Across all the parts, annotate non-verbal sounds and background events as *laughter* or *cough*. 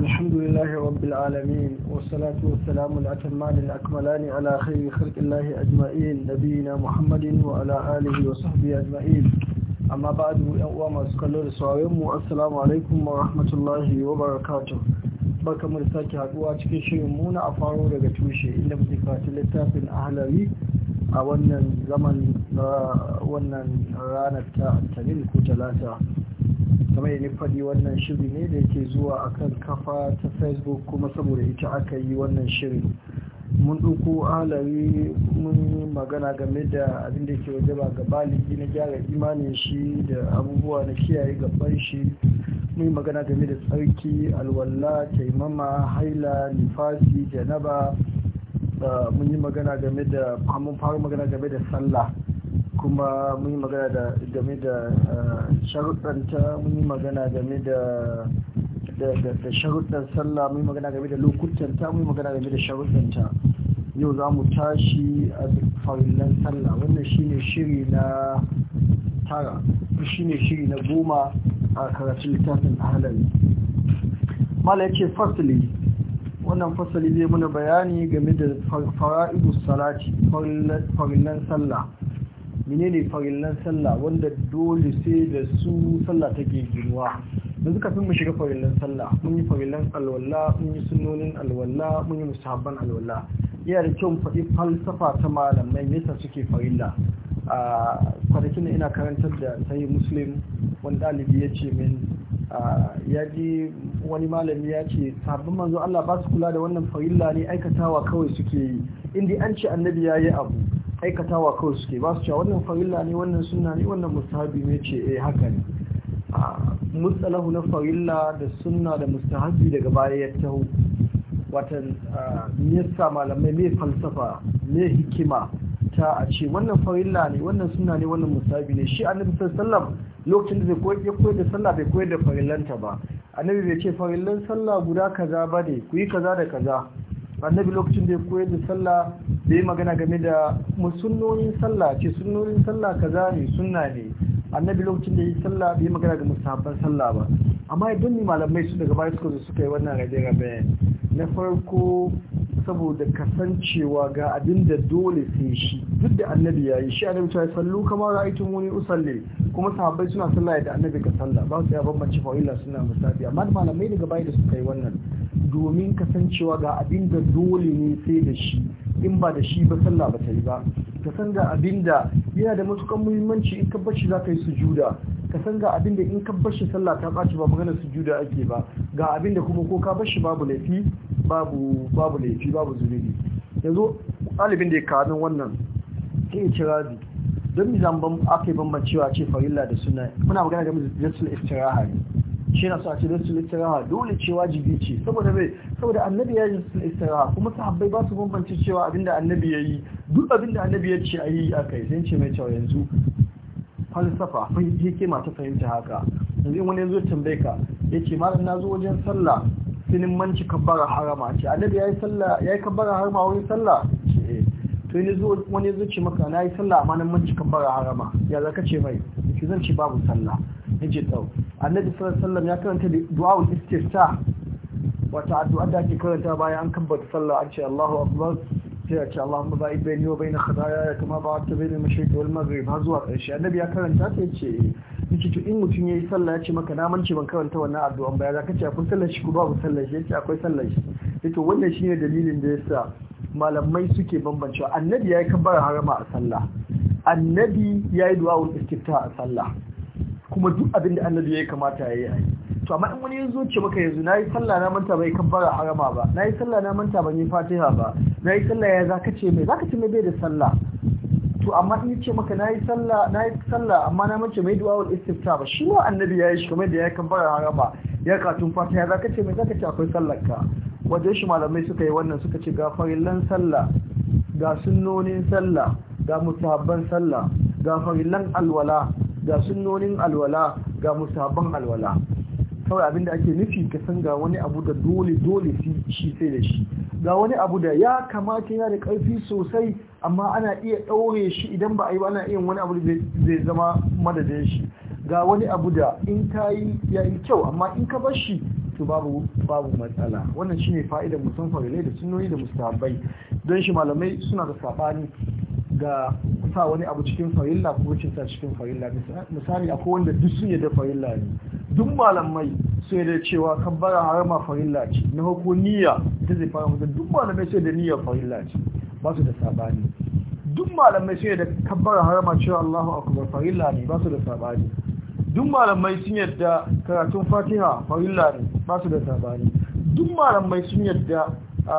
الحمد لله رب العالمين والصلاة والسلام الأتمان الأكملان على خير خلق الله أجمعين نبينا محمد وعلى آله وصحبه أجمعين أما بعد يوم أسكالور سوارم السلام عليكم ورحمة الله وبركاته barka mu da sake haduwa cikin shirin mu na a faro daga tushe inda muke fata littafin ahlari a wannan zaman na wannan ranar ta talin ko talata kamar ni faɗi wannan shiri ne da yake zuwa akan kafa ta facebook kuma saboda ita aka yi wannan shirin mun ɗauko halari mun yi magana game da abin da ke ba ga baligi na gyara imanin shi da abubuwa na kiyaye gaban shi mun yi magana game da tsarki alwala taimama haila nifasi janaba mun yi magana game da mun fara magana game da sallah kuma mun yi magana da game da sharuɗanta mun yi magana game da da sharuɗan sallah mun yi magana game da lokutanta mun yi magana game da sharuɗanta yau za mu tashi a farillan sallah wannan shine shiri na tara shine shiri na goma a karatun littafin ahalari mala ya ce fasali wannan fasali zai muna bayani game da fara'idu salati farillan sallah menene farillan sallah wanda dole sai da su sallah take girwa da suka fi mu shiga farillan sallah mun yi farillan alwala mun yi sunnonin alwala mun yi musabban alwala yana da kyau faɗi falsafa ta malamai yasa suke farilla a kwanakin ina karantar da sai muslim wani ɗalibi ya ce min ya ji wani malami ya ce sabbin manzo Allah ba su kula da wannan farilla ne aikatawa kawai suke yi inda an ce annabi ya yi abu aikatawa kawai suke ba su cewa wannan farilla ne wannan sunna ne wannan mustahabi ne ce eh haka ne Mutsalahu na farilla da sunna da mustahabi daga baya ya taho watan me yasa malamai me falsafa me hikima ta a ce wannan farilla ne wannan sunna ne wannan mustahabi ne shi annabi sallallahu lokacin da ya koyar da sallah bai koyar da farillanta ba annabi bai ce farillan sallah guda kaza ba ne ku yi kaza da kaza annabi lokacin da ya koyar da sallah da ya magana game da musunnonin sallah ce sunnonin sallah kaza ne sunna ne annabi lokacin da ya yi sallah da ya magana da musabban sallah ba amma idan ni malamai su daga bayan suka suka yi wannan rabe-rabe na farko saboda kasancewa ga abin da dole sai shi duk da annabi ya yi shi annabi ta yi sallu kamar ra'aytun wani usalle kuma sahabbai suna sallah da annabi ka sallah ba su ya bambance fa'ila suna musafiya amma malamai daga bayan da suka yi wannan domin kasancewa ga abin da dole ne sai da shi in ba da shi ba sallah ba ta yi ba ka san ga abin da yana da matukan muhimmanci in kabbashi za ka yi sujuda ka san ga abin da in kabbashi sallah ta ɓaci ba su sujuda ake ba ga abin da kuma ko ka bashi babu laifi babu babu laifi babu zunubi yanzu ɗalibin da ya kawo wannan sai ya ci rabi don mi zamban aka yi bambancewa ce farilla da suna muna magana game da jinsul istiraha ne shi na sa su littara dole ce wajibi ce saboda mai saboda annabi ya yi littara kuma sahabbai ba su bambance cewa abinda annabi ya yi duk abinda annabi ya ce a yi a kai zai ce mai cewa yanzu falsafa yake masu fahimta haka yanzu wani yanzu tambaye ka ya ce malam na zo wajen sallah sinin manci kabbara harama ce annabi ya yi kabbara harama wurin sallah ce eh. to yanzu wani ya zuci maka na yi sallah a nan mun cikin bara harama ya za ka ce mai ki zan ce babu sallah ya ce tsau annabi sallallahu ya karanta du'a'ul istifta wata addu'a da ake karanta bayan an kabbata sallah an ce Allahu akbar sai ya ce Allahumma ba'id bayni wa bayna khataaya kama ba'adta bayna al-mashriq wal maghrib ba zuwa ƙarshe annabi ya karanta ta yace yace to in mutum ya yi sallah ya ce maka na mance ban karanta wannan addu'an ba ya za ka ce akwai sallar shi ko babu sallar shi yace akwai sallar shi to wannan shine dalilin da ya sa. malamai suke bambancewa annabi ya yi kabbar harama a sallah annabi ya yi duwawun iskita a sallah kuma duk abin da annabi ya yi kamata ya yi to amma in wani ya zo ce maka yanzu na yi sallah na manta bai kabbara harama ba na yi sallah na manta ban yi fatiha ba na yi sallah ya zaka ce mai zaka ce mai bai da sallah to amma in ce maka na yi sallah na yi sallah amma na mace mai duwawul istifta ba shi ma annabi ya yi shi kamar da ya yi bara harama ya katun fatiha, zaka ce mai zaka ce akwai sallar ka wajen shi malamai suka yi wannan suka ce ga farillan sallah ga sunnonin sallah ga musabban sallah ga farillan alwala ga sunnonin alwala ga musabban alwala kawai da ake nufi ka san ga wani abu da dole dole shi sai da shi ga wani abu da ya kamata yana da karfi sosai amma ana iya ɗaure shi idan ba a yi ba ana iya wani abu da zai zama madadin shi ga wani abu da in ta yi ya yi kyau amma in ka bar shi to babu babu matsala wannan shine fa'idar mutum farile da sunnoni da mustahabbai don shi malamai suna da sabani ga sa wani abu cikin farilla ko cin sa cikin farilla misali akwai wanda duk sun yadda farilla ne duk malamai sun yadda cewa kabbara harama farilla ce na hukun niyya ta zai fara mutum duk malamai sun yadda niyya farilla ce ba su da sabani duk malamai sun yadda kabbara harama cewa Allahu akbar farilla ne ba su da sabani duk malamai sun yadda karatun fatiha farin ne ba su da sabani duk malamai sun yadda a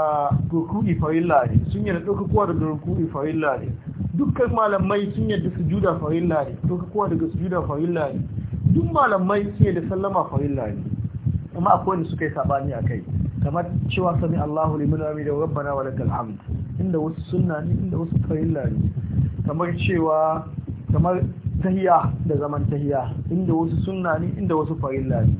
rukuni farilla ne sun yadda ɗaukakuwa daga rukuni farin ne dukkan malamai sun yadda su juda farilla ne ɗaukakuwa daga su juda farilla ne duk malamai sun yadda sallama farin ne amma akwai wanda suka yi sabani a kai kamar cewa sami Allahu limin rami da rabbana wa lakal hamd inda wasu sunna ne inda wasu farin ne kamar cewa kamar tahiya da zaman tahiya inda wasu suna ne inda wasu farilla ne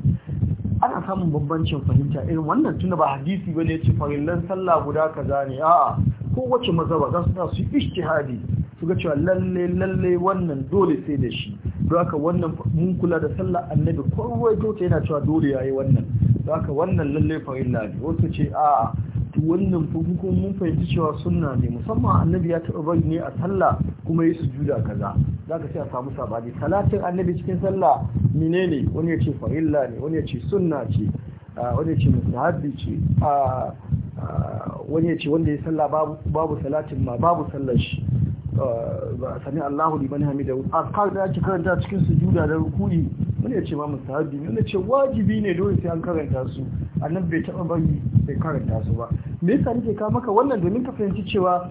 ana samun bambancin fahimta irin wannan tuna ba hadisi ba ne ce farillan sallah guda kaza ne a'a kowace mazhaba za su da su ijtihadi su ga cewa lalle lalle wannan dole sai da shi don haka wannan mun kula da sallah annabi kowa ta yana cewa dole yayi wannan don haka wannan lalle farilla ne wasu ce a'a wannan hukun mun fahimci cewa sunna ne musamman annabi ya taɓa bari ne a sallah kuma ya sujuda kaza za ka ce a samu sabani talatin annabi cikin sallah mine ne wani ya ce fahimla ne wani ya ce sunna ce wani ya ce mustahabbi ce wani ya ce wanda ya sallah babu salatin ma babu sallar shi Sani Allahu liman hamidahu azkar da ake karanta cikin sujuda da ruku'i mun ce ma musahabi mun ce wajibi ne dole sai an karanta su annabi bai taba bari bai karanta su ba me yasa nake ka maka wannan domin ka fahimci cewa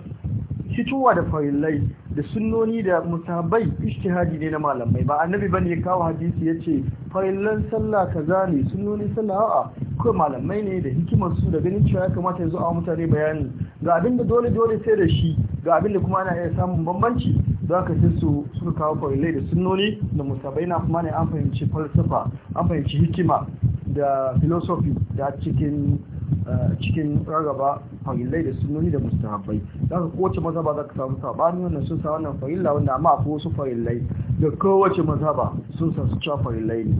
fitowa da farillai da sunnoni da musabai ishtihadi ne na malamai ba annabi bane ya kawo hadisi yace farillan sallah kaza ne sunnoni sallah a'a kawai malamai ne da hikimar su da ganin cewa ya kamata yanzu a mutane bayani ga abin da dole dole sai da shi ga abin da kuma ana iya samun bambanci za ka sai su suka kawo farilai da sunnoni da musabai na kuma ne an fahimci falsafa an fahimci hikima da filosofi da cikin eh, cikin rarraba farillai da sunoni da mustahabbai za ka kowace mazhaba za ka samu sabanin wannan sun sa wannan farilla wanda amma akwai wasu farillai da kowace mazhaba sun sa su cewa farillai ne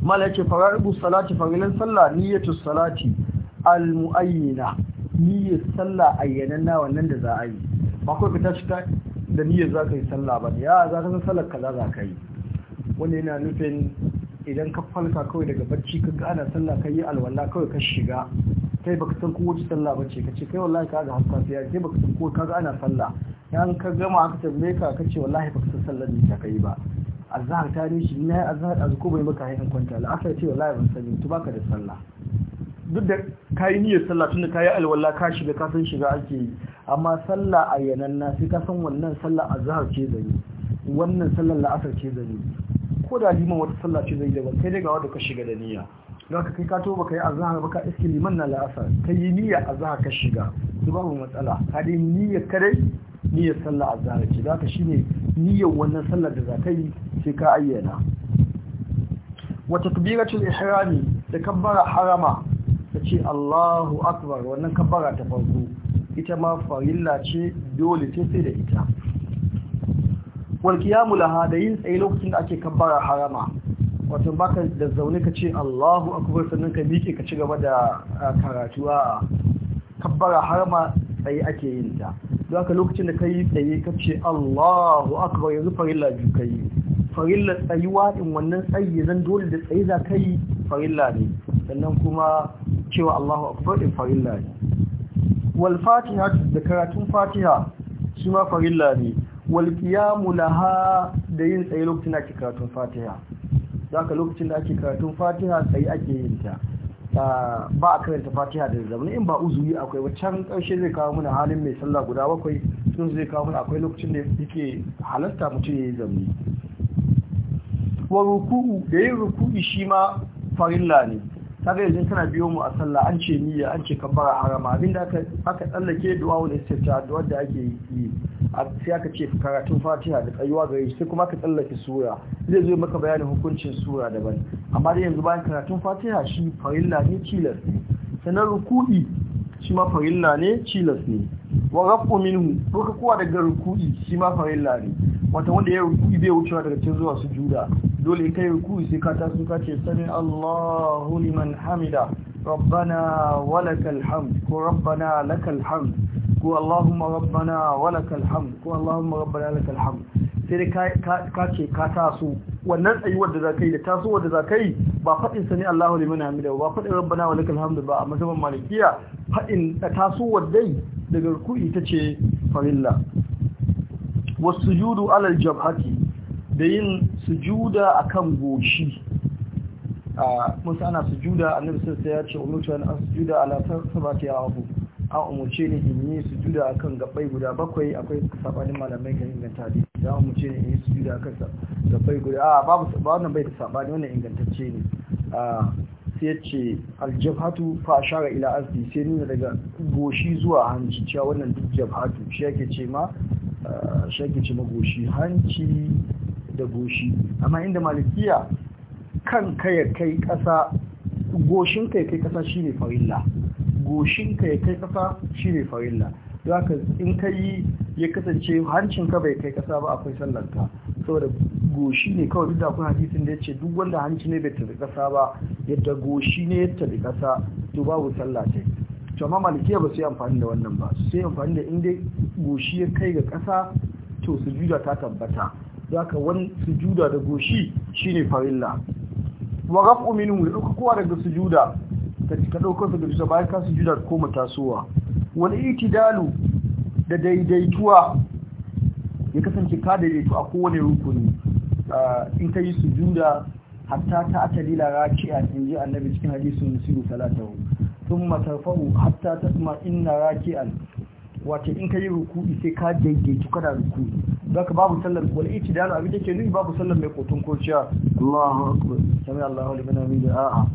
mala ce rubu salati farillan sallah niyyatu salati al-mu'ayyina niyyar sallah na wannan da za a yi ba kawai fita shi da niyyar za ka yi sallah ba ya za ka san sallar kaza za ka yi Wani yana nufin idan ka falka kawai daga bacci ka gana sallah ka yi alwala kawai ka shiga kai baka san ko wace sallah bace ka ce kai wallahi ka ga haska sai kai baka san ko ka ga ana sallah yan ka gama aka tambaye ka ka ce wallahi baka san sallar ne ta kai ba azhar ta ne shi ne azhar azko bai maka hayin kwanta la'asar ce wallahi ban sani to baka da sallah duk da ka yi niyyar sallah tunda yi alwala ka shiga ka san shiga ake yi amma sallah a na sai ka san wannan sallah zahar ce zai wannan sallar la'asar ce zai ko da liman wata sallah ce zai daban kai daga ga wanda ka shiga da niyya don ka kai ka to ka yi a zahar ba ka iske liman na la'asar ka yi niyya a zahar ka shiga duk mu matsala ka dai niyyar ka dai niyyar sallah zahar ce za ka shi ne niyyar wannan sallah da za ka yi sai ka ayyana wata takbiratul ihrami da kabbara harama ta ce Allahu Akbar wannan kabbara ta farko ita ma farilla ce dole ce sai da ita wal laha da yin tsaye lokacin da ake kabbara harama wato baka da zaune ka ce Allahu Akbar sannan ka miƙe ka ci gaba da karatu a kabbara harama tsaye ake yin ta don haka lokacin da kai tsaye ka ce Allahu Akbar yanzu farilla biyu kai farilla tsayuwa In wannan tsaye zan dole da tsaye za kai farilla ne sannan kuma cewa Allahu akbar din farilla ne wal fatiha da karatun fatiha shi ma farilla ne wal qiyamu laha da yin tsaye lokacin da ake karatun fatiha zaka lokacin da ake karatun fatiha tsaye ake yin ta ba a karanta fatiha da zazzabin in ba uzuri akwai waccan karshe zai kawo mana halin mai sallah guda bakwai sun zai kawo mana akwai lokacin da yake halarta mutum ya yi zamni wa ruku'u da yin ruku'u shi ma farilla ne kaga yanzu kana biyo mu a sallah an ce niyya an ce kabbara harama abinda aka aka tsallake du'a wa istifta du'a da ake yi sai aka ce karatun Fatiha da tsayuwa gare sai kuma aka tsallake sura zai zo maka bayanin hukuncin sura daban amma dai yanzu bayan karatun Fatiha shi farilla ne cilas ne sanar ruku'i shi ma farilla ne cilas ne wa rafu minhu ka kowa daga ruku'i shi ma farilla ne wata wanda ya ruku'i bai wucewa daga cikin zuwa sujuda dole kai ruku sai ka taso ka ce sami Allahu liman hamida rabbana walakal hamd ko rabbana lakal hamd ko Allahumma rabbana walakal hamd ko Allahumma rabbana lakal hamd sai ka ce ka taso wannan tsayuwar da za ka yi da taso da za ka yi ba faɗin sani Allahu liman hamida ba faɗin rabbana wa lakal hamdu ba a mazhaban malikiya faɗin da tasowar dai daga ruku'i ta ce farilla wasujudu alal jabhati da yin sujuda akan goshi a musa ana sujuda annabi sai ya ce umurtu an sujuda ala sabati abu an umurce ne in yi sujuda akan gabbai guda bakwai akwai sabanin malamai kan inganta ne ya mu ne in yi sujuda akan gabbai guda a babu wannan bai da sabani wannan ingantacce ne sai ya ce aljabhatu fa shara ila azdi sai nuna daga goshi zuwa hanci cewa wannan duk jabhatu shi yake ce ma shi yake ce ma goshi hanci da goshi amma inda malikiya kan ya kai ƙasa goshin ka ya kai ƙasa shine fa'illa goshin ka ya kai ƙasa shine fa'illa don haka in ka yi ya kasance hancin ka bai kai ƙasa ba akwai sallar ka saboda goshi ne kawai duk da akwai hadisin da ya ce duk wanda hanci ne bai tafi ƙasa ba yadda goshi ne ya tafi ƙasa to babu sallah ce to amma malikiya ba su yi amfani da wannan ba su yi amfani da inda goshi ya kai ga ƙasa to sujuda ta tabbata zaka wani sujuda da goshi Shi ne farilla wa rafu minu da kowa daga sujuda ka cika dauko su daga bayan ka sujuda ko matasowa Wani iti-dalu da daidaituwa ya kasance ka daidaitu a kowane rukuni in ka yi sujuda hatta ta talila raki'a in ji annabi cikin hadisin musulun salatahu sun tarfa'u hatta tasma inna an wato in ka yi rukuɗi sai ka daidaitu kana ruku'i ka babu sallar Wani da itidal abin da ke nuni babu sallar mai kotun kociya Allahu akwai sami Allahu liman hamida a'a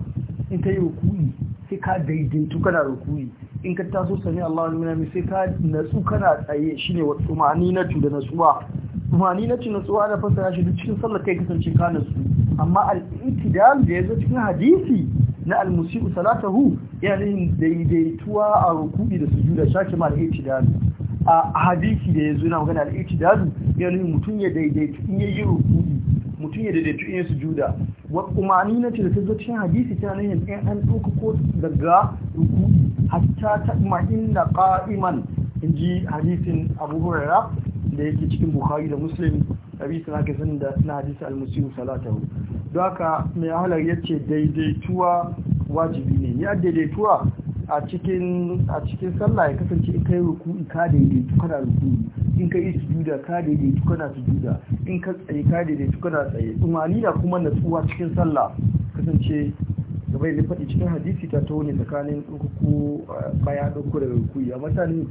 in ka yi rukuɗi sai ka daidaitu kana rukuɗi in ka taso sami Allahu liman hamida sai ka natsu kana tsaye Shi ne wa umarni na tu da natsuwa umarni na tu natsuwa na fasara shi duk cikin sallar kai kasance ka natsu amma al itidal da yazo cikin hadisi na almusi'u salatahu yana yin daidaituwa a rukubi da juda shaki ma da itidal a hadisi da zo na magana al-i'tidal yana yin mutum ya daidaitu in yayi rukubi mutum ya daidaitu in yayi juda wa nina ce da ta zo cikin ta tana yin ɗan an ɗauka ko daga rukubi hatta ta ma'inna qa'iman in ji hadisin Abu hurara da yake cikin bukari da musulmi hadisi na sanin da na hadisi al-musi'u salatahu zaka mai halar ya ce daidaituwa wajibi ne ya daidaituwa a cikin a cikin sallah ya kasance in kai in ka daidaitu kana ruku in ka yi sujuda ka daidaitu kana sujuda in ka tsaye ka daidaitu kana tsaye tumani da kuma natsuwa cikin sallah kasance gaba da faɗi cikin hadisi ta taho ne tsakanin ɗaukaku eh, baya ɗauko da rukuyi a mutane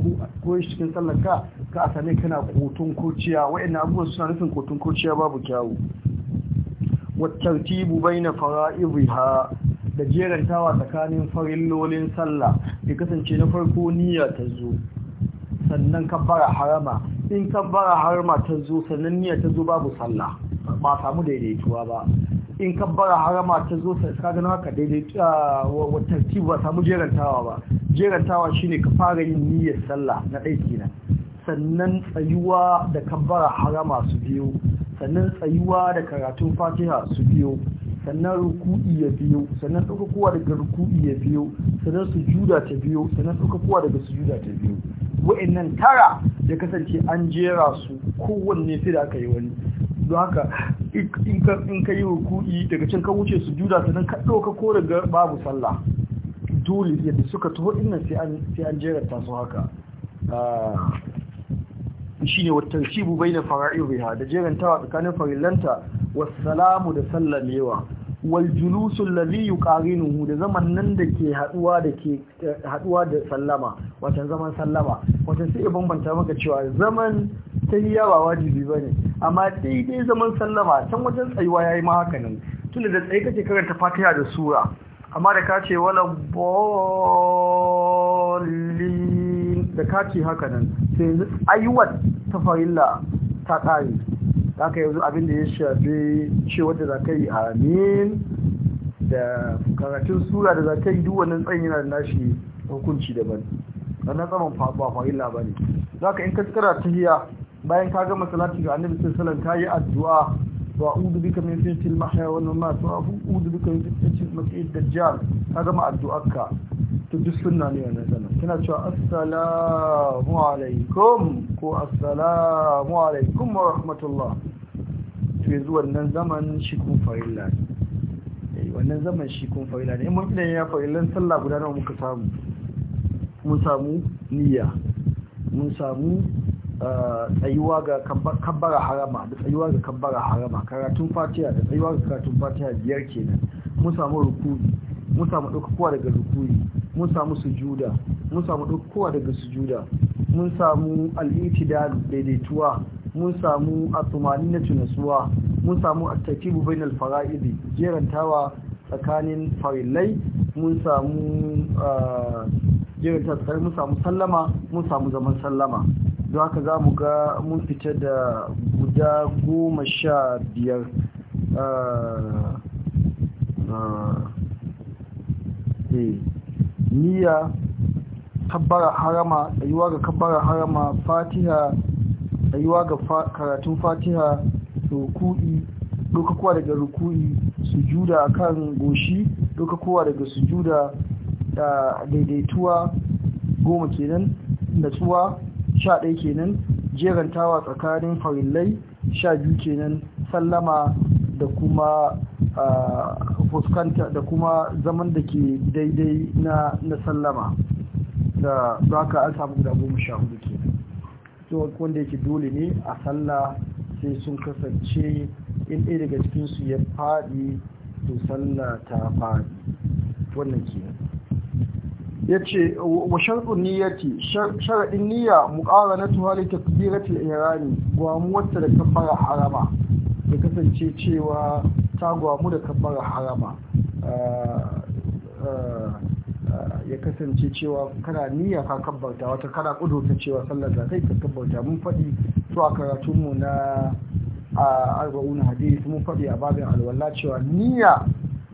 ko cikin sallar ka ka a same kana kotun kociya wa'annan abubuwan suna nufin kotun kociya babu kyawu wattartibu baina fara'idha da jerantawa tsakanin farillolin sallah ya kasance na farko niyya ta zo sannan kabbara harama in kabbara harama ta zo sannan niyya ta zo babu sallah ba samu daidaituwa ba in kabbara harama ta zo sai ka gano haka daidaitu ah, wa ba samu jerantawa ba jerantawa shine ka fara yin niyyar sallah na ɗaiki na sannan tsayuwa da kabbara harama su biyu sannan tsayuwa da karatun fatiha su biyo sannan ruku'i ya biyo sannan ɗaukakowa daga ruku'i ya biyo sannan sujuda ta biyo sannan ɗaukakowa daga sujuda ta biyo wa'annan tara ya kasance an jera su kowanne sai da aka yi wani don haka in ka yi ruku'i daga can ka wuce sujuda sannan ka ɗaukako daga babu sallah dole yadda suka taho nan sai an jera ta su haka ah. shine wa tartibu baina da jerantawa tsakanin farillanta wassalamu da sallamewa wal julus alladhi yuqarinuhu da zaman nan da ke haɗuwa eh, da sallama watan zaman sallama watan sai bambanta maka cewa zaman tahiya ba wajibi bane amma daidai zaman sallama can wajen tsayuwa yayi ma haka nan tunda da tsaye kake karanta Fatiha da sura amma da ka ce wala bolli da kaci haka nan sai yanzu ayyuwar ta farilla ta ƙare Za ka yanzu abin da ya shafi cewar da za ka yi amin da karatun sura da za ka yi duk wannan tsayin yana da nashi hukunci daban wannan tsaman ba farilla ba ne za ka in ka tsara tahiya bayan ka gama salati ga annabi sai salan, ta ka yi addu'a a وأعوذ بك من فتنة المحيا والممات وأعوذ بك من فتنة المسيح gama هذا ما أدعوك تدو السنة a أنا kina cewa assalamu alaikum ko assalamu alaikum wa rahmatullah to yanzu wannan zaman shi kun farilla ne eh, wannan zaman shi kun farilla ne mun kina ya farillan sallah guda nawa muka samu mun samu niyya mun samu ah, tsayuwa ga kabbara harama da tsayuwa ga kabbara harama karatun fatiha da tsayuwa ga karatun fatiha biyar kenan mun samu rukuni mun samu ɗaukakuwa daga rukuni mun samu sujuda mun samu dukkowa daga sujuda mun samu al'itida daidaituwa mun samu atumani na tunasuwa mun samu a takibu bainal fara'idi jerantawa tsakanin farillai mun samu ah, tsakanin mun samu sallama mun samu zaman sallama don haka za mu ga mun fita da guda goma sha biyar ah, ah, eh niyya kabbara harama tsayuwa ga kabbara harama fatiha tsayuwa ga karatun fatiha ruku'i dokakuwa daga ruku'i sujuda akan goshi dokakuwa daga sujuda da daidaituwa goma kenan natsuwa sha ɗaya kenan jerantawa tsakanin farillai sha biyu kenan sallama da kuma ah, fuskanta da kuma zaman da ke daidai na sallama da za ka an samu guda goma sha hudu ke wanda yake dole ne a sallah sai sun kasance in ɗaya daga cikinsu ya faɗi to sallah ta faɗi wannan ke ya ce wa sharɗin na sharaɗin niyya muqaranatu hali takbiratul irani gwamuwarta da kafara harama da kasance cewa tagowa mu da kabbara harama eh, eh, ya kasance cewa kana niyya ka kabbarta wata kana ta cewa sallar da kai ka kabbarta mun faɗi to a karatunmu na arba'un hadis mun faɗi a babin alwala cewa niyya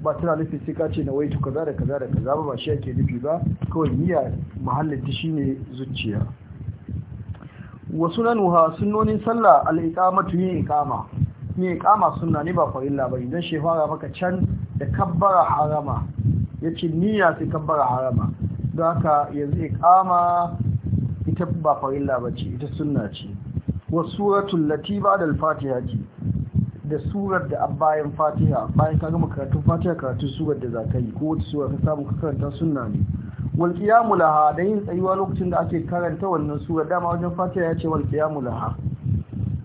ba tana nufin sai ka ce na waitu kaza da kaza da kaza ba ba shi ake nufi ba kawai niyya mahallin ta shine zuciya wasu sunanuha sunonin sallah al yin iqama ni kama sunna ne ba farilla labari, dan shehu ga maka can da kabbara harama yace niyya sai kabbara harama don haka yanzu kama ita ba farilla ba ita sunna ce wa suratul lati ba'da al-fatiha ce da surar da bayan fatiha bayan ka gama karatun fatiha karatun surar da za yi ko wata surar ka samu ka karanta sunna ne wal qiyamul ha da yin tsayuwa lokacin da ake karanta wannan sura, dama wajen fatiha ya ce wal qiyamul ha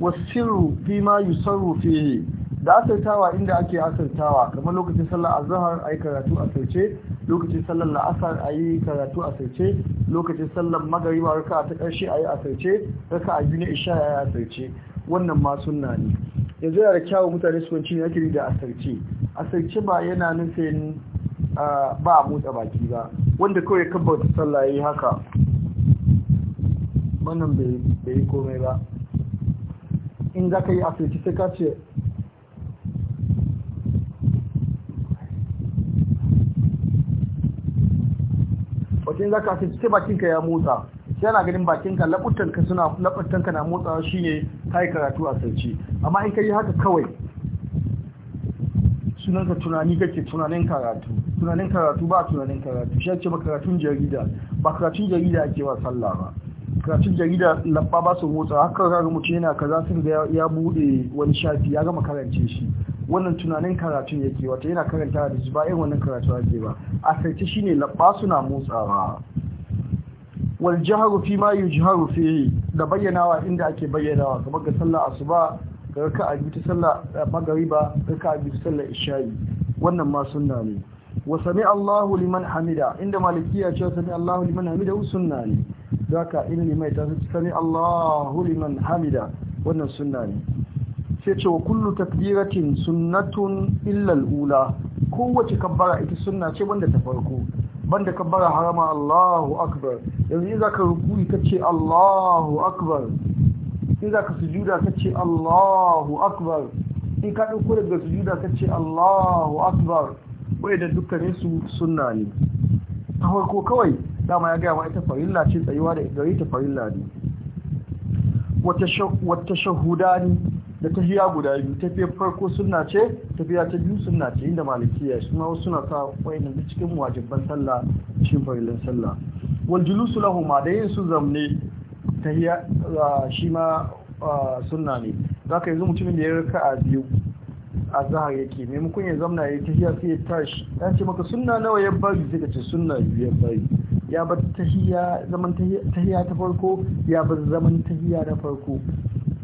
wasirru fi ma yusarru fihi da asartawa inda ake asartawa, kamar lokacin sallar azhar ayi karatu a lokacin sallar la'asar ayi karatu a sirce lokacin sallar magariba raka ta karshe ayi a sirce raka a biyu na isha ayi a sirce wannan ma sunna ne yanzu yana da kyawun mutane su wanci yake da asarce, asarce ba yana nufin ba a motsa baki ba wanda kawai kabbata sallah yi haka wannan bai komai ba in za ka yi asirci sai ka ce in za ka asirci sai bakinka ya motsa sai yana ganin bakinka labutanka suna labutanka na motsa shine ka yi karatu asirci amma in ka yi haka kawai sunanka tunani kake tunanin karatu tunanin karatu ba tunanin karatu shi ce ba karatun jarida ba karatun jarida ake wa sallah ba karatun jarida labba ba su motsa haka kaga mutum yana kaza sun ga ya bude wani shafi ya gama karance shi wannan tunanin karatun yake wata yana karanta da shi ba irin wannan karatu ake ba a sarki shine labba suna motsawa wal jaharu fi ma yujharu fi da bayyanawa inda ake bayyanawa kamar ga sallar asuba ga raka'a biyu ta sallar magariba raka'a biyu ta sallar isha'i wannan ma sunna ne wa sami Allahu liman hamida inda malikiya ce sami Allahu liman hamida sunna ne zaka inni mai ta sani Allahu liman hamida wannan sunna ne sai ce wa kullu takbiratin sunnatun illal ula kowace kabbara ita suna ce banda ta farko banda kabbara harama Allahu akbar yanzu ka ruku ka ce Allahu akbar in ka sujuda kace Allahu akbar in ka dauko daga sujuda kace Allahu akbar wai da dukkanin su sunna ne ta farko kawai dama ya gaya wa ita farilla ce tsayuwa da gari ta farilla ne wata shahudani da tafiya guda biyu tafiyar farko suna ce tafiya ta biyu suna ce inda malikiya su ma wasu suna sa wayannan da cikin wajibban sallah cikin farillan sallah wal julusu ma da yin su zamne tahiya shi ma suna ne za yi yanzu mutumin da ya raka a biyu a zahar yake maimakon ya zamna ya tahiya sai ya tashi ya ce maka suna nawa ya bari sai ka ce suna biyu ya bari ya bar zaman tahiya ta farko ya bar zaman tahiya na farko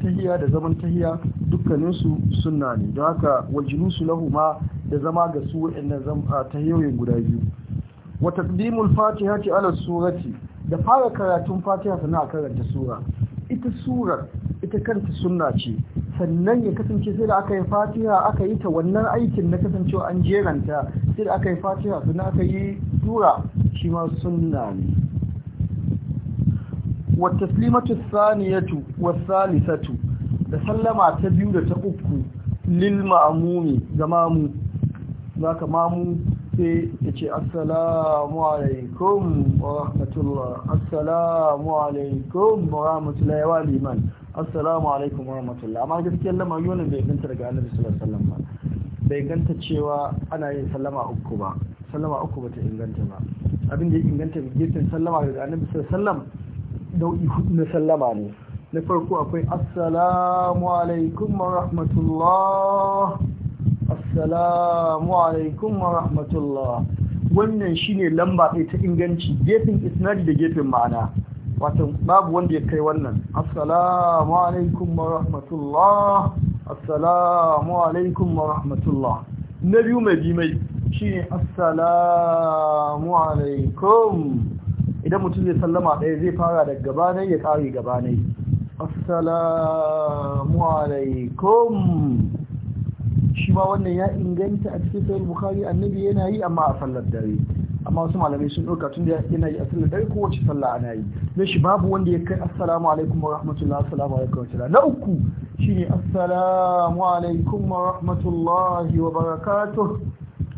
Tahiya da zaman tahiya dukkaninsu sunna ne don haka wajinu su lahuma da zama ga su wa'annan zama yawon guda biyu wa taqdimul ce ala surati da fara karatun fatiha suna a karanta sura ita surar ita kanta sunna ce sannan ya kasance sai da aka yi fatiha aka yi ta wannan aikin na kasancewa an jeranta sai da aka yi fatiha sannan aka yi sura shi ma sunna ne wa taslimatu tu wa thalithatu da sallama ta biyu da ta uku lil ma'mumi ga mamu zaka mamu sai ya ce assalamu alaikum wa rahmatullah assalamu alaikum wa rahmatullah ya wa liman assalamu alaikum wa rahmatullah amma gaskiyar lamarin wannan bai ganta daga annabi sallallahu alaihi wasallam ba bai ganta cewa ana yin sallama uku ba sallama uku bata inganta ba abin da ya inganta gefen sallama daga annabi sallam nau'i hudu na sallama ne na farko akwai assalamu alaikum wa rahmatullah assalamu alaikum wa rahmatullah wannan shine lamba ɗaya ta inganci gefen isnadi da gefen ma'ana wato babu wanda ya kai wannan assalamu alaikum wa rahmatullah assalamu alaikum wa rahmatullah na biyu mai bi mai ce assalamu alaikum idan mutum zai sallama ɗaya zai fara da gabanai ya ƙari gabanai assalamu alaikum shi ba wannan ya inganta a cikin sayar bukari annabi yana yi amma a sallar dare amma wasu malamai sun ɗauka tun da yana yi a sallar dare wacce sallah ana yi don shi babu wanda ya kai assalamu alaikum wa rahmatullah assalamu alaikum wa rahmatullah na uku shi ne assalamu alaikum wa rahmatullah wa barakatuh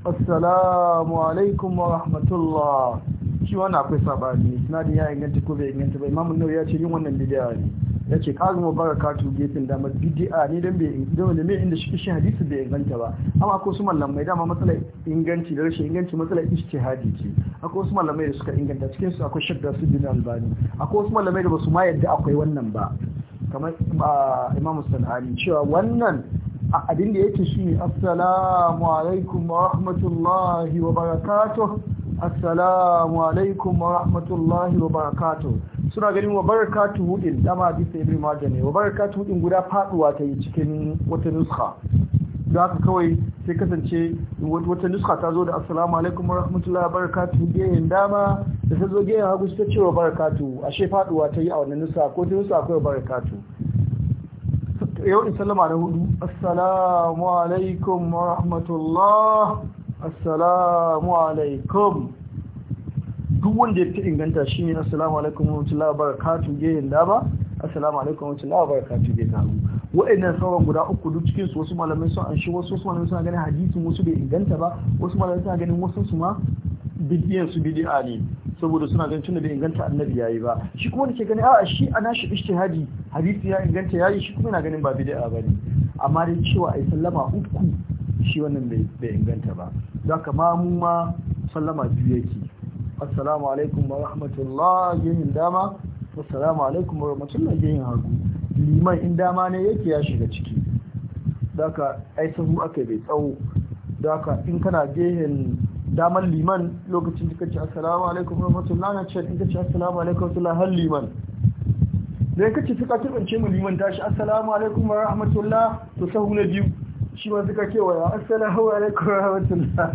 assalamu alaikum wa rahmatullah shi wannan akwai sabani sinadin ya inganta ko bai inganta ba imamu nau ya ce yin wannan bid'a ne ya ce kazu katu gefen damar bid'a ne don bai don da mai inda shi hadisi bai inganta ba amma ko su mallamai dama matsalar inganci da rashin inganci matsalar ijtihadi ce akwai wasu mallamai da suka inganta cikin su akwai shadda su bin albani akwai wasu mallamai da basu ma yadda akwai wannan ba kamar ah, imamu sanani cewa wannan abin da yake shi assalamu alaikum wa rahmatullahi wa barakatuh assalamu alaikum wa rahmatullahi wa barakatuh suna ganin wa barakatuhu din dama bisa ibn majah ne wa barakatuhu din guda faduwa ta yi cikin wata nuska. da haka kawai sai kasance wata nuska ta zo da assalamu alaikum wa barakatu gehen dama da ta zo gehen hagu ta ce wa barakatu ashe faduwa ta yi a wannan nuska ko ta nuska akwai barakatu yau in sallama da hudu assalamu alaikum wa rahmatullah assalamu alaikum duk wanda ya fi inganta shi ne assalamu alaikum wa rahmatullah barakatu gayin da ba assalamu alaikum wa rahmatullah barakatu gayin da wa'annan sauran guda uku duk cikin su wasu malamai sun an shi wasu wasu malamai suna ganin hadisin wasu bai inganta ba wasu malamai suna ganin wasu su ma bidiyan su bidi'a ne saboda suna ganin tunda bai inganta annabi yayi ba shi kuma dake gani a'a shi ana shi ijtihadi hadisi ya inganta yayi shi kuma yana ganin ba bid'a bane amma dai cewa ai sallama uku shi wannan bai inganta ba don haka ma mu ma sallama biyu yake assalamu alaikum wa rahmatullahi yin dama assalamu alaikum wa rahmatullahi yin hagu liman in dama ne yake ya shiga ciki don haka ai sahu aka bai tsawo don haka in kana gehen daman liman lokacin da kace assalamu alaikum rahmatullahi na ce in kace assalamu alaikum rahmatullahi har liman dai kace suka ce mu liman tashi assalamu alaikum rahmatullahi to sahu na biyu shi ma suka ce wa assalamu alaikum rahmatullahi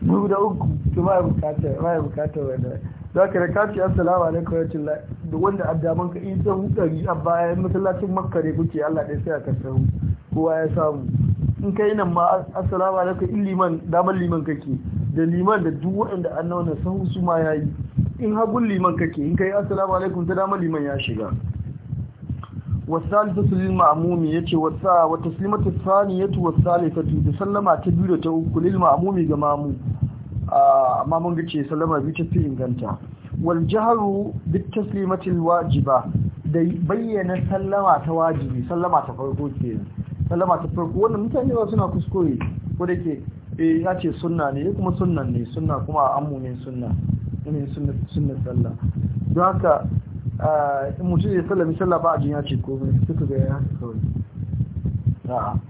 guda *laughs* da uku to ba bukata ba bukata wannan da kare kace assalamu alaikum rahmatullahi da wanda addaman ka in sahu dari a bayan masallacin makka ne kuke Allah dai sai ka sahu kowa ya samu in kai nan ma assalamu alaikum in liman damar liman kake da liman da duk waɗanda an nauna san su ma yayi in hagun liman kake in kai assalamu alaikum ta damar liman ya shiga wasalisatu lil ma'mumi yace wasa wa taslimatu thaniyatu wasalisatu da sallama ta biyu da ta uku lil ma'mumi ga mamu amma mamun ga sallama biyu ta fi inganta wal jahru bit taslimati al wajiba da bayyana sallama ta wajibi sallama ta farko kenan sallama ta farko wannan mutane ba suna kuskure ko da ke eh ya ce sunna ne kuma sunnan ne sunna kuma a ammumin sunna ne sunna sunna sallah don haka eh, in mutum ya sallami sallah ba a jin ya ce komai suka ga ya haka kawai a'a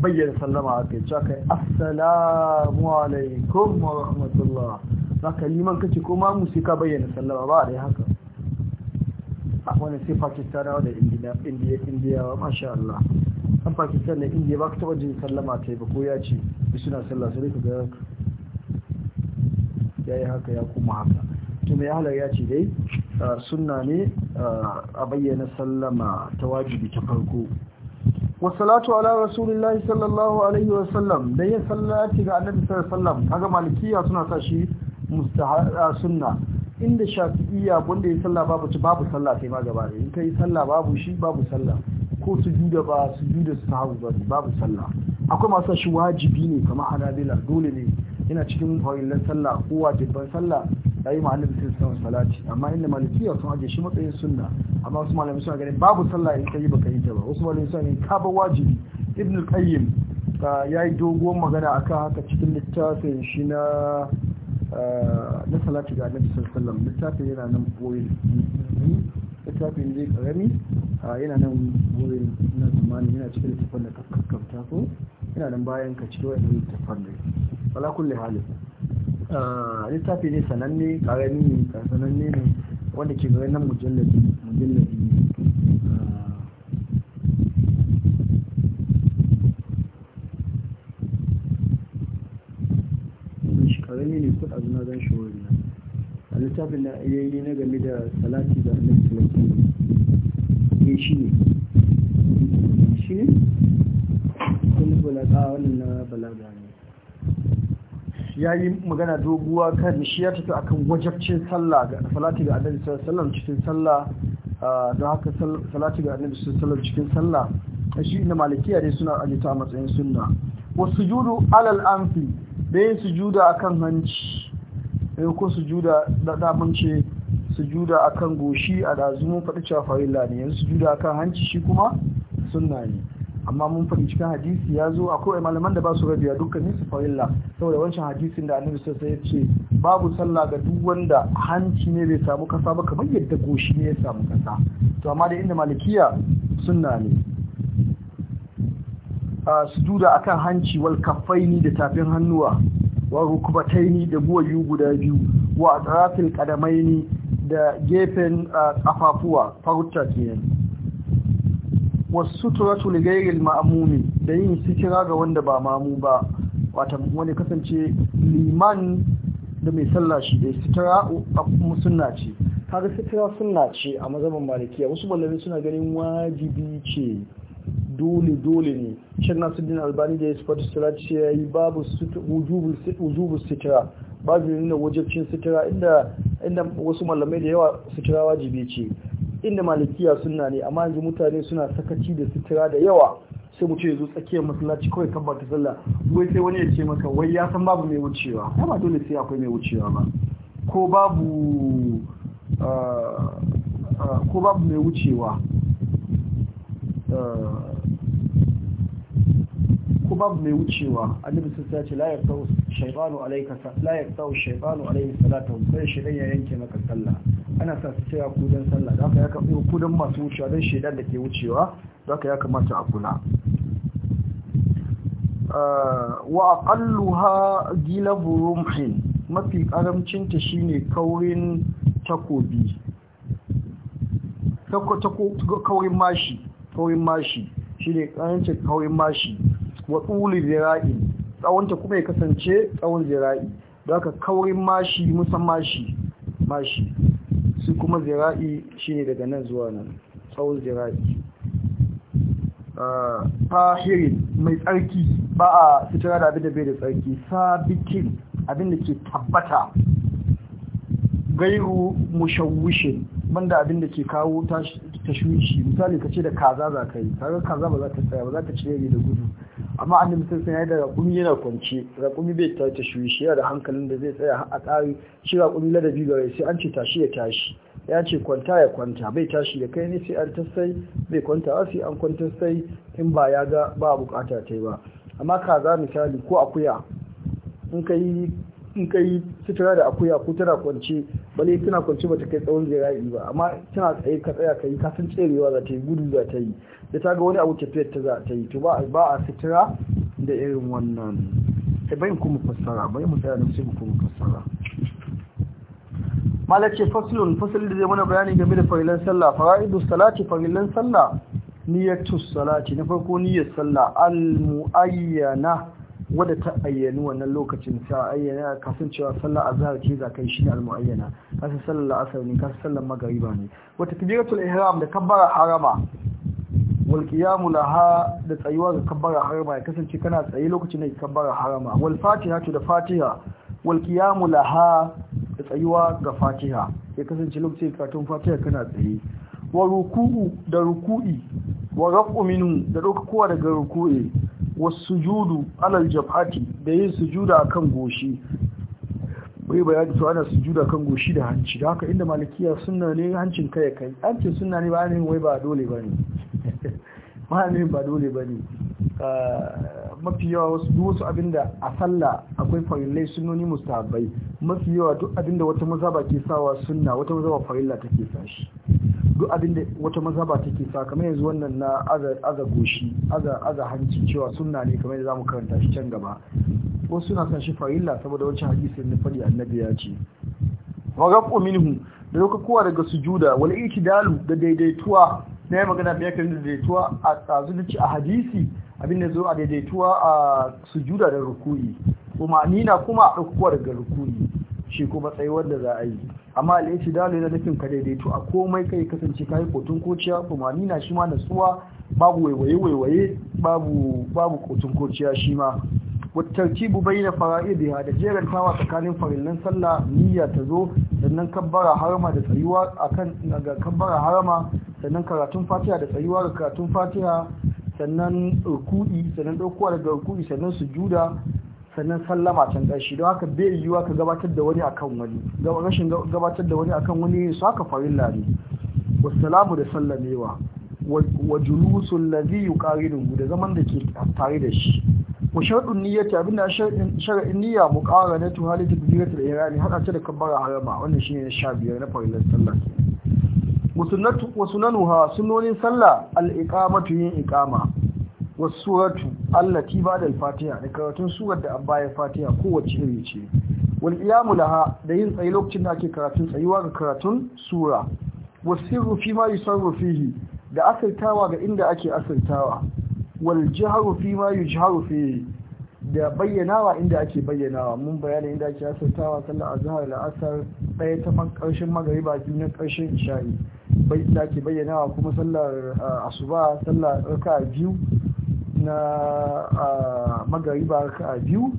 bayyana sallama a kai cewa kai assalamu alaikum wa rahmatullah ba ka liman kace ko ma musu ka bayyana sallama ba a dai haka a wani sai pakistanawa da indiyawa masha Allah an pakistan na indiya ba ka taba jin sallama ta yi ba ko ya ce da suna sallah sai ka ga ya yi haka ya kuma haka to mai halar ya ce dai suna ne a bayyana sallama ta wajibi ta farko wasalatu ala rasulullahi sallallahu alaihi wasallam da yin sallati ga annabi sallallahu alaihi wasallam kaga malikiya suna sa shi sunna inda shafi'iya wanda ya sallah babu ci babu sallah sai ma gaba da in kai sallah babu shi babu sallah ko su juda ba su juda su sahabu ba babu sallah akwai masu shi wajibi ne kama hanabila dole ne yana cikin farillan sallah ko wajibban sallah ya yi ma'anar bisin sun salati amma inda malikiya sun ajiye shi matsayin sunna amma wasu malamai suna ganin babu sallah in ka yi baka yi ta ba wasu malamai suna ganin ka wajibi ibn qayyim ya yi doguwar magana a kan haka cikin littafin shi na eh, na salati ga annabi sallallahu alaihi littafin yana nan boye littafin zai karami yana nan wurin na zamani yana cikin littafin da kakkamta ko yana nan bayan ka cikin wani littafin da wala kulle halin littafi ne sananne karami ne sananne ne wanda ke gari nan mujallabi mujallabi ne karami ne kudu a zan shi wurin nan a littafin da ya yi na game da salati da annabi salati ne eh, shi ne shi ne kun balaga wannan na balaga ne ya yi magana doguwa kan shi ya tafi akan wajabcin sallah ga salati ga annabi salati cikin sallah don haka salati ga annabi salati cikin sallah shi na malikiya dai suna ajiyata a matsayin sunna wasu judu alal da yin juda akan hanci sai eh, ko su juda da damun ce a akan goshi a dazu mun faɗi cewa farilla ne yanzu su a akan hanci shi kuma sunna ne amma mun faɗi cikin hadisi ya zo akwai malaman da ba su rabiya dukkanin su farilla saboda wancan hadisin da annabi sai ya ce babu sallah ga duk wanda hanci ne bai samu kasa ba kamar yadda goshi ne ya samu kasa to amma da inda malikiya sunna ne ah, a akan hanci wal kafaini da tafin hannuwa wa ni da buwayu guda biyu wa kadamai ni da gefen kafafuwa farutta kenan wasu sutura ghayril ma'amuni da yin sitira ga wanda ba mamu ba wata wani kasance liman da mai sallah shi da sitira musunna ce kaga sitira sunna ce a mazhabin malikiya wasu malamai suna ganin wajibi ce dole dole ne shan nasuddin albani da ya sifatu sutura ce ya yi babu wujubu sitira babu nuna wajabcin sitira inda wasu malamai da yawa sitira wajibi ce inda malikiya suna ne amma yanzu mutane suna sakaci da sitira da yawa sai mutu ya zo tsakiyar masallaci kawai kan bata sallah wai sai wani ya ce maka wai ya san babu mai wucewa ya ba dole sai akwai mai wucewa ba ko babu ah, ah, ko babu mai wucewa ah, kuma mai wucewa annabi sun ce la ya tau shaytanu alayka la ya tau shaytanu alayhi salatu sai shedan ya yanke maka sallah ana sa su cewa ku dan sallah da haka ya kafa ku dan masu wucewa dan shedan da ke wucewa da haka ya kamata a kula ah, wa aqalluha gilabu rumhin mafi karamcin ta shine kaurin takobi kaurin mashi kaurin mashi shine karancin kaurin mashi wa tsulin zira'i tsawonta kuma ya kasance tsawon zira'i da aka kaurin mashi musan mashi mashi su kuma zira'i shine daga nan zuwa nan tsawon zira'i ah, fahirin mai tsarki ba a fitara da abin da bai da tsarki sabikin abin da ke tabbata gairu mushawushin banda abin da ke kawo tashwishi misali ka ce da kaza za ka yi kaga kaza ba za ta tsaya ba za ta cire da gudu amma annabi sallallahu yi da rakumi yana kwance rakumi bai ta ta shi yana da hankalin da zai tsaya a tsari shi rakumi ladabi rai sai an ce tashi ya tashi ya ce kwanta ya kwanta bai tashi da kai ne sai an tasai bai kwanta sai an kwanta sai in ba ya ga ba bukata ta yi ba amma kaza misali ko akuya in ka yi in kai sutura da akuya ko tana kwance bale tana kwance bata kai tsawon zira'i ba amma tana tsaye ka tsaya kai ka san tserewa za ta yi gudu za ta yi da ta ga wani abu tafiyar ta za ta yi to ba a sutura da irin wannan sai eh, bayan kuma fassara bayan mu tsaya sai mu kuma fassara malace faslun fasl da zai mana bayani game da farilan sallah fara'idu salati farilan sallah niyyatus salati na farko niyyar sallah al muayyana wadda ta ayyanu wannan lokacin ta ayyana kasancewa cewa sallar azhar ce za kai shi ne almuayyana kasan sallar asar ne kasan sallar magariba ne wata takbiratul ihram da kabbara harama wal qiyamu laha da tsayuwa ga kabbara harama ya kasance kana tsaye lokacin da kabbara harama wal fatiha da fatiha wal qiyamu laha da tsayuwa ga fatiha ya kasance lokacin karatun fatiha kana tsaye wa ruku'u da ruku'i wa raf'u minhu da dauka kowa daga ruku'i wasujudu alal jabhati da yin sujuda akan goshi bai bayani to ana sujuda kan goshi da hanci da haka inda malikiya sunna ne hancin kai kai hancin sunna ne ba ne wai ba dole bane ba ne *laughs* ba dole bane ah, mafi yawa wasu duk wasu abinda a sallah akwai farillai sunnoni mustahabbai mafi yawa duk abinda wata ba ke sawa sunna wata mazhaba farilla take sa shi duk abin da wata mazhaba take sa kamar yanzu wannan na aza goshi aza hanci cewa sunna ne kamar za zamu karanta shi can gaba wasu suna son shi farilla saboda wancan hadisi na fadi annabi ya ce wa gafu minhu da kowa daga sujuda wal itidalu da daidaituwa na yi magana biyar kan daidaituwa a tsazuci a hadisi abin da zo a daidaituwa a sujuda da rukuni kuma nina kuma a ɗaukuwa daga rukuni shi kuma tsayuwar da za a yi amma alaici dalilin da nufin ka daidaito a komai kai kasance ka yi kotun kociya kuma nina shi ma natsuwa babu waiwaye waiwaye babu kotun kociya shi ma bai na fara fara'idiha da tawa tsakanin farillan sallah niyya ta zo sannan kabbara harama da tsayuwa kan ga kabbara harama sannan karatun fatiha da tsayuwa da karatun fatiha sannan rukudi sannan daukowa daga rukudi sannan sujuda sannan sallama can ƙarshe don haka bai yiwuwa ka gabatar da wani akan wani rashin gabatar da wani akan wani su haka farilla ne wassalamu da sallamewa wa julusul ladhi yuqaridu da zaman da ke tare da shi wa sharɗin niyyati abinda shar'in niyya muqaranatu halit takbiratul ihrami hada ta da kabbara harama wannan shine na biyar na farin sallah Wasu sunnatu wa sunanuha sunnonin sallah al iqamatu yin iqama wasu suratu Allah ba da fatiha da karatun surar da bayan fatiya kowace iri ce Wal'iyamu laha da yin tsayi lokacin da ake karatun tsayuwa ga karatun sura wasu rufi ma yi son fihi da asaitawa ga inda ake asaitawa wal jihar rufi ma yujharu fihi da bayyanawa inda ake bayyanawa mun bayanin inda ake asaitawa sallar azhar la la'asar ɗaya ta ƙarshen magariba biyu na ƙarshen isha'i da ake bayyanawa kuma sallar ah, asuba sallar raka biyu na magariba a biyu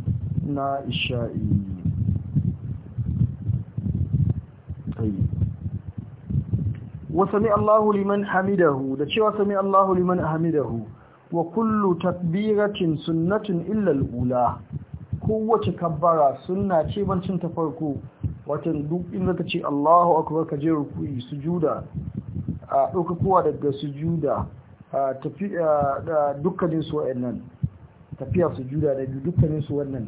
na isha'i sami Allahu liman hamidahu da cewa sami Allahu liman hamidahu wa kullu takbiratin sunnatin Illal ula kowace kabbara suna ce bancin ta farko watan duk inda ka ce Allahu akwai ka je su sujuda a ɗaukakuwa daga daga sujuda dukkanin su wa'annan tafiya su juda da biyu dukkanin su wannan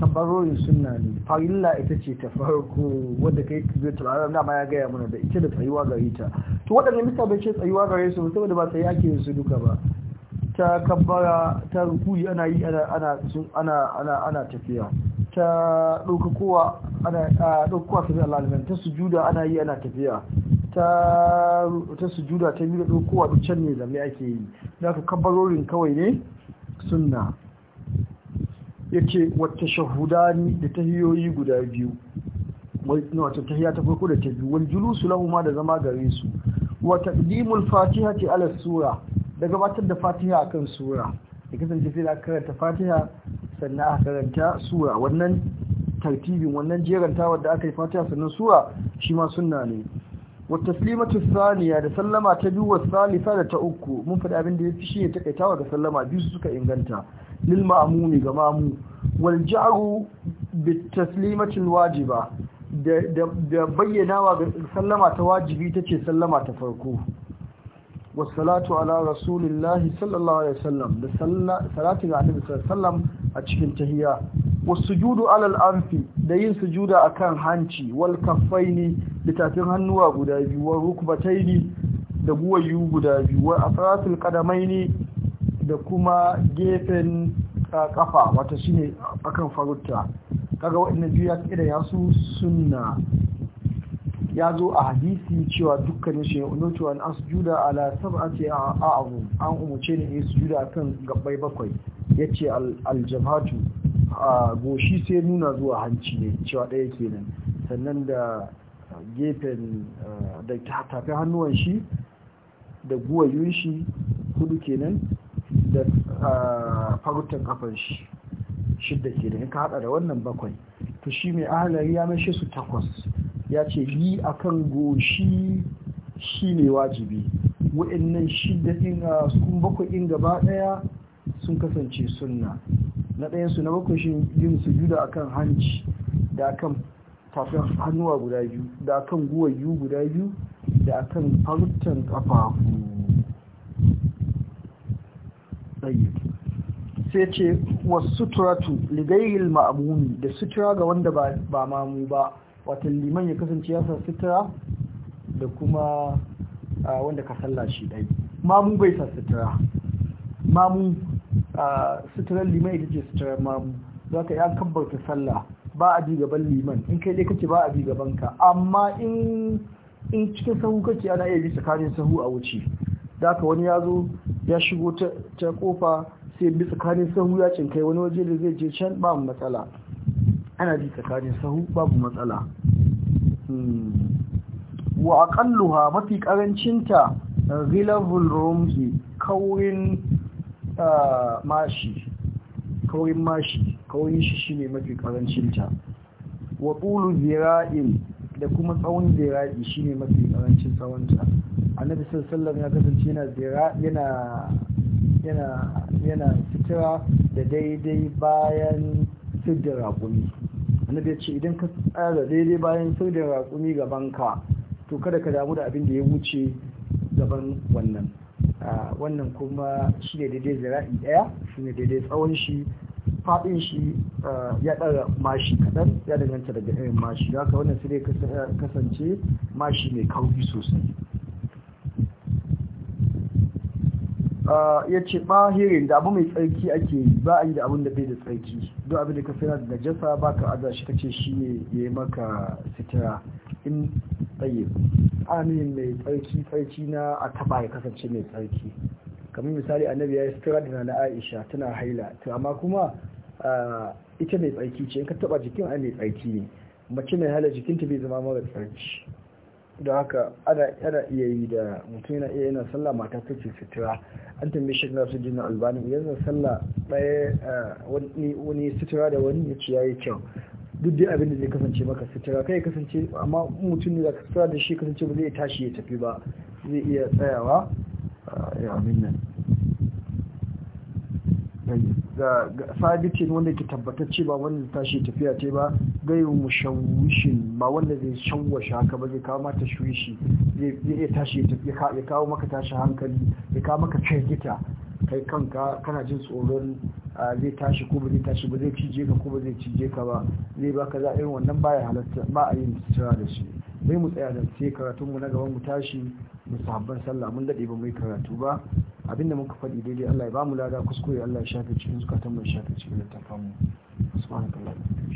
tabarorin suna ne farilla ita ce ta farko wadda kai zai turare na ma ya gaya mana da ita da tsayuwa gare ta to waɗanda mista bai ce tsayuwa gare su saboda ba tsaye ake yin su duka ba ta kabbara ta rukuri ana yi ana ana ana ana ana tafiya ta ɗaukakowa ana ɗaukakowa ta Allah ta juda ana yi ana tafiya ta sujuda ta biyu da a duk can ne zalle ake yi za ka kabarorin kawai ne sunna ya ce wata shahudani da tahiyoyi guda biyu wata tahiya ta farko da ta biyu wal julusu lahuma da zama gare su Wata taqdimul fatiha ce ala sura da gabatar da fatiha akan sura da kasance sai da karanta fatiha sannan aka karanta sura wannan tartibin wannan jeranta wadda aka yi fatiha sannan sura shi ma sunna ne wataslimatu saniya da sallama ta biyu wasalisa da ta uku mun faɗi abin da ya fi shi ne takaitawa ga sallama biyu su suka inganta lil ma'mumi ga mamu wal ja'ru bit taslimatil wajiba da bayyanawa ga sallama ta wajibi ce sallama ta farko wasalatu ala rasulillahi sallallahu alaihi wasallam da salatu ga annabi sallallahu a cikin tahiyya wasujudu alal anfi da yin sujuda akan hanci wal kaffaini da tafin hannuwa guda biyu wa rukbataini da guwayu guda biyu wa afrasul qadamaini da kuma gefen kafa ah, wata shine akan farutta kaga waɗannan biyu ya kira ya su sunna ya zo a hadisi cewa dukkanin shi cewa an sujuda ala sab'ati a'abu an umuce ne ya sujuda kan gabbai bakwai yace a goshi sai nuna zuwa hanci ne cewa ɗaya kenan sannan da gefen da tafi hannuwan shi da guwayun shi hudu kenan da farutan kafan shi shidda kenan ka hada da wannan bakwai to shi mai ahalari ya mai su takwas ya ce yi a kan goshi shi ne wajibi wa'annan shida inga sun bakwai in gaba daya sun kasance sunna na ɗayan su na bakwai shi yin sujuda akan hanci da akan tafin hannuwa guda biyu da akan guwayu guda biyu da akan farutan kafafu sai ce wasu turatu ligayil ma'amuni da sutura ga wanda ba mamu ba wata liman ya kasance ya sa sutura da kuma wanda ka sallah shi ɗai mamu bai sa sutura mamu suturar liman ita ce suturar mamu za ka ya kabbarta sallah ba a bi gaban liman in kai dai kake ba a bi gaban ka amma in cikin sahu kake ana iya bi tsakanin sahu a wuce da ka wani ya zo ya shigo ta kofa sai bi tsakanin sahu ya cinkai wani waje da zai je can babu matsala ana bi tsakanin sahu babu matsala Hmm. wa aqalluha mafi karancinta ghilabul rumhi kaurin ah, mashi kaurin mashi kaurin shi shine mafi karancinta wa tulu zira'in da kuma tsawon zira'i shine mafi karancin tsawonta annabi sallallahu ya kasance yana zira yana yana yana fitira da daidai bayan sidda gumi. annabi ya ce idan ka tsara daidai bayan sau da raƙumi gaban ka to kada ka damu da abin da ya wuce gaban wannan wannan kuma shi ne daidai zira'i ɗaya shi ne daidai tsawon shi faɗin shi ya ɗara mashi kaɗan ya danganta daga irin mashi haka wannan sai dai kasance mashi mai kauri sosai ya ce ɓahirin da abu mai tsarki ake ba a yi da abin da bai da tsarki don abin da ka sayar da jasa ba ka aza shi kace shi ne ya yi maka sitira in tsaye amin mai tsarki tsarki na a taba ya kasance mai tsarki kamar misali annabi ya yi sitira da na aisha tana haila to amma kuma ita mai tsarki ce in ka taba jikin ai mai tsarki ne mace mai haila jikinta bai zama mara tsarki da haka ana iya yi da mutum yana iya yana sallah mata ta ce sutura an tambaye shi na su jinin albani yanzu sallah ɗaya wani sutura da wani ya ce kyau duk dai abin da zai kasance maka sutura kai kasance amma mutum ne da sutura da shi kasance ba zai tashi ya tafi ba zai iya tsayawa ya abin ga sabitin wanda ke tabbatar ba wanda tashi tafiya ce ba mu mushawishin ba wanda zai shawwasha haka ba zai kawo mata shuishi zai iya tashi ya kawo maka tashi hankali ya kawo maka gita kai kanka kana jin tsoron zai tashi ko ba zai tashi ba zai cije ka ko ba zai cije ka ba zai baka za irin wannan baya halatta ba a yin sutura da shi sai mu tsaya da ce karatun mu na gaban mu tashi mu sallah mun daɗe ba mu yi karatu ba abinda muka faɗi daidai Allah ya ba mu lada kuskure Allah ya shafe cikin zukatan mu shafe cikin littafin mu subhanallahi